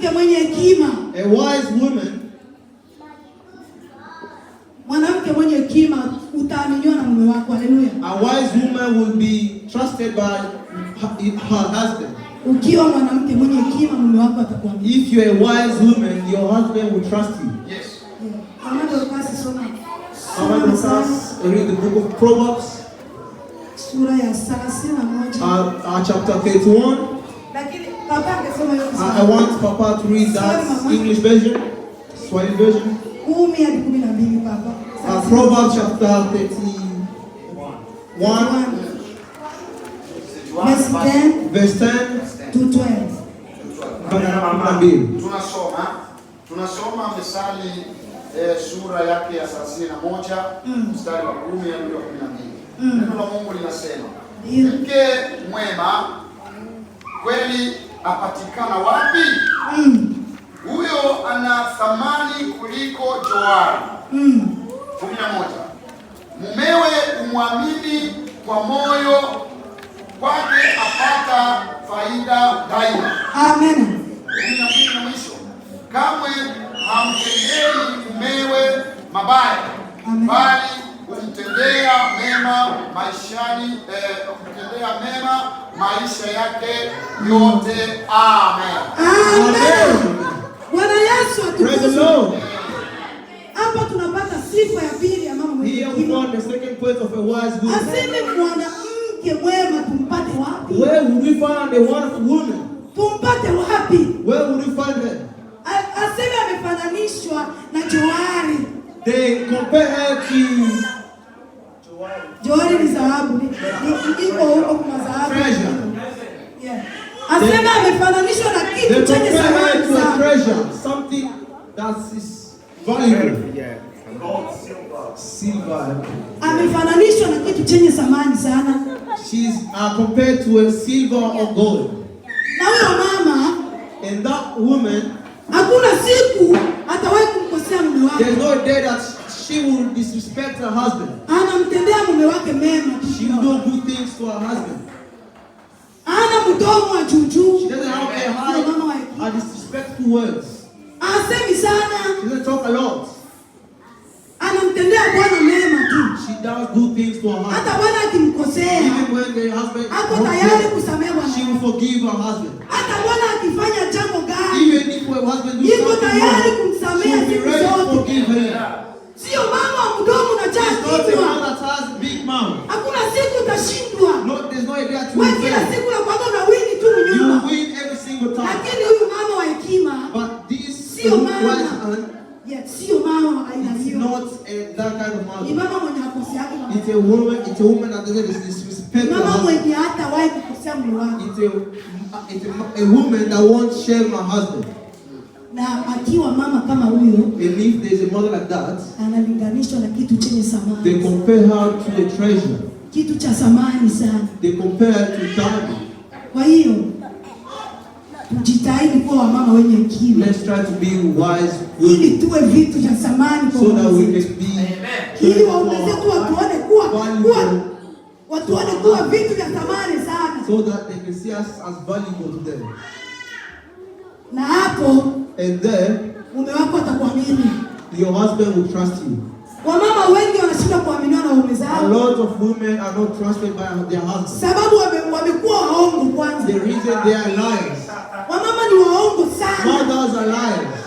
mwanamke mwenye hekima, a wise woman, mwanamke mwenye hekima utaaminiwa na mume wako. Haleluya, a wise woman will be trusted by her husband. Ukiwa mwanamke mwenye hekima, mume wako atakuamini. If you are a wise woman, your husband will trust you. Yes. Read the book of Proverbs. Sura ya 31. Uh, uh, chapter 31. I want Papa to read that English version, Swahili version. Uh, Proverbs chapter 31. Verse 10, to 12. Tunasoma tunasoma Mithali eh, sura yake ya 31 mm. mstari wa 10 hadi wa 12. Mm. Neno la Mungu linasema, mke mwema kweli apatikana wapi? Mm. Huyo mm. ana thamani kuliko johari mm. kumi na moja. Mumewe umwamini kwa moyo kwake apata faida daima. Amen. Kumi na mbili na mwisho, kamwe hamtendei mumewe mabaya bali kumtendea mema maishani, eh, kumtendea mema maisha yake yote. Amen, amen. Bwana Yesu atukuzwe. Hapa tunapata sifa ya pili ya mama mwenye aseme mwanamke mwema tumpate wapi? Where would we find a wonderful woman? Tumpate wapi? Where would we find her? Aseme amefananishwa na johari. They compare her to Jori ni dhahabu, iko huko kuna dhahabu. Asema amefananishwa na kitu chenye thamani, something that is valuable. Silver. Amefananishwa na kitu chenye thamani sana. She is uh, compared to a silver or gold. Na huyo mama and that woman hakuna siku atawahi kumkosea mume wake. There's no day that she will disrespect her husband. Ah, anamtendea mume wake mema. She do good things to her husband. Ana mdomo wa juujuu. She doesn't have a high or disrespectful words. Asemi sana. She doesn't talk a lot. Anamtendea Bwana mema tu. She does good things to her husband. Hata Bwana akimkosea. Even when the husband ako tayari kusamehe Bwana. She will forgive her husband. Hata Bwana akifanya jambo gani. Even if her husband does something tayari kumsamehe siku zote. Sio mama mdomo na chakula. It's a woman, it's a woman that doesn't disrespect Mama mwenye hatawahi kukosea It's a, it's a, a woman that won't share my husband. Na akiwa mama kama huyo, if there's a mother like that, analinganishwa na kitu chenye samani. They compare her to a treasure. Kitu cha samani sana. They compare to diamond. Kwa hiyo wamama wenye hekima. Let's try to be wise. Ili tuwe vitu vya thamani kwa Mungu. Ili waongeze tu watuone kuwa kuwa watuone kuwa vitu vya thamani sana. So that they can see us as valuable to them. Na hapo and then mume wako atakuamini. Your husband will trust you. Wamama wengi wanashindwa kuaminiwa na waume zao. A lot of women are not trusted by their husbands. Sababu wamekuwa waongo kwanza. The reason they are liars ni yaani waongo sana. Mothers are liars.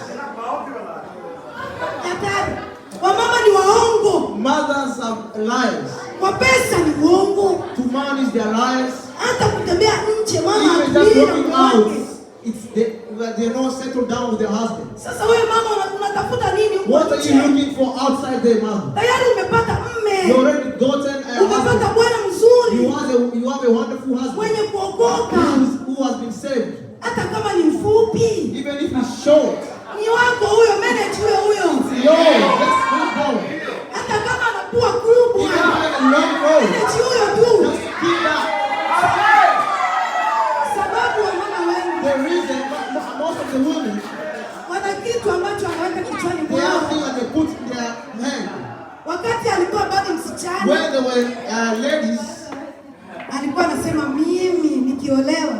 Hatari. Wamama ni waongo. Mothers are liars. Kwa pesa ni waongo. To man is their liars. Hata kutembea nje mama hajui. It's they, they're not settled down with their husband. Sasa wewe mama unatafuta nini huko? What are you looking for outside there mama? Tayari umepata mme. You already gotten a husband. Umepata bwana mzuri. You have a, you have a wonderful husband. Mwenye kuokoka. kuwa kuu Bwana, huyo tu sababu wamama wengi wana kitu ambacho ameweka kichwani mwao wakati alikuwa bado msichana, uh, alikuwa anasema mimi nikiolewa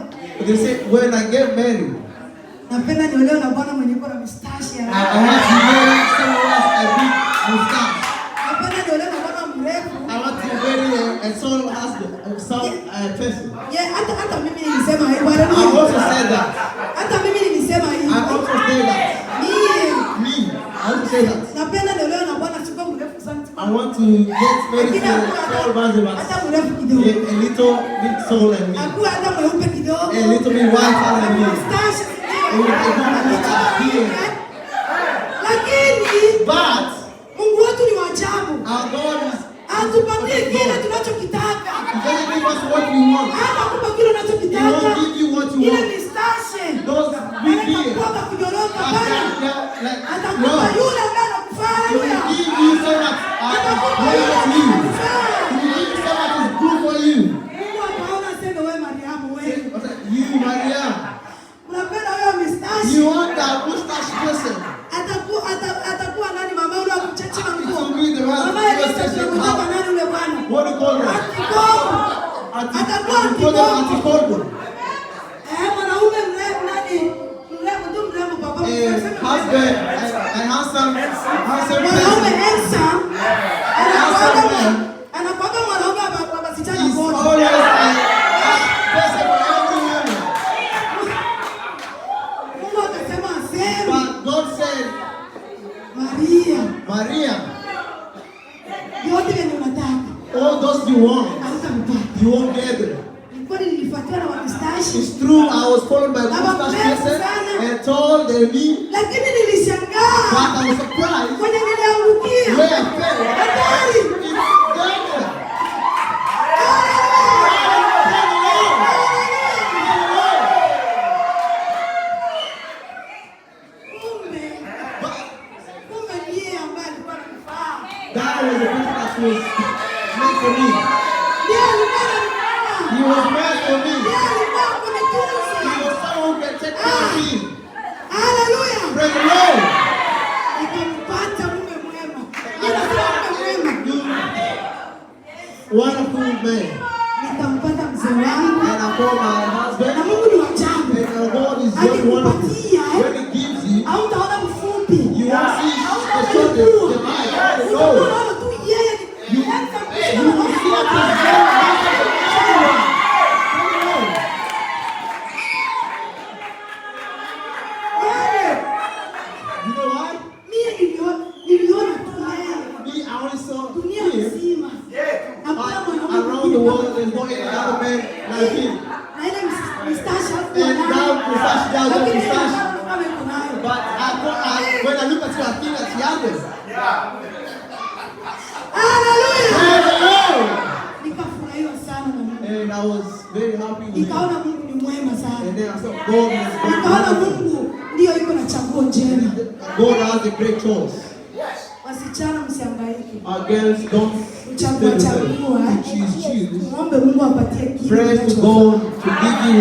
napenda niolewe na bwana mwenye uko na mustache. and someone has the, uh, some uh, person. Yeah, hata hata mimi nilisema hivyo. I also said that. Hata mimi nilisema hivyo. I also said that. Me. Me. I also said that. Napenda ndio leo na bwana sikuwa mrefu sana. I want to get very tall Barnabas. Hata mrefu kidogo. A little bit tall and me. Akuwa hata mweupe kidogo. A little bit white and me. Mustache. And with a good look at him. Lakini. But. Mungu wetu ni wa ajabu. Our God is Hatupatie kile tunachokitaka. Give us what we want. Hatupa kile tunachokitaka. We won't give you what you want. Those big beer. Atakupa kinyoroka bana. Atakupa All those you want. You won't get it. It's true, I was followed by the mustache person and told they me. But I was surprised where I fell. God is the only one who others. Nikaona Mungu God ndio na chaguo has great choice. Yes. Our girls don't eh? Mungu Pray to God to give you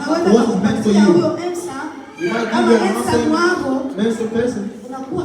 what is meant for you. huyo mensa. Kama wako. person. Unakuwa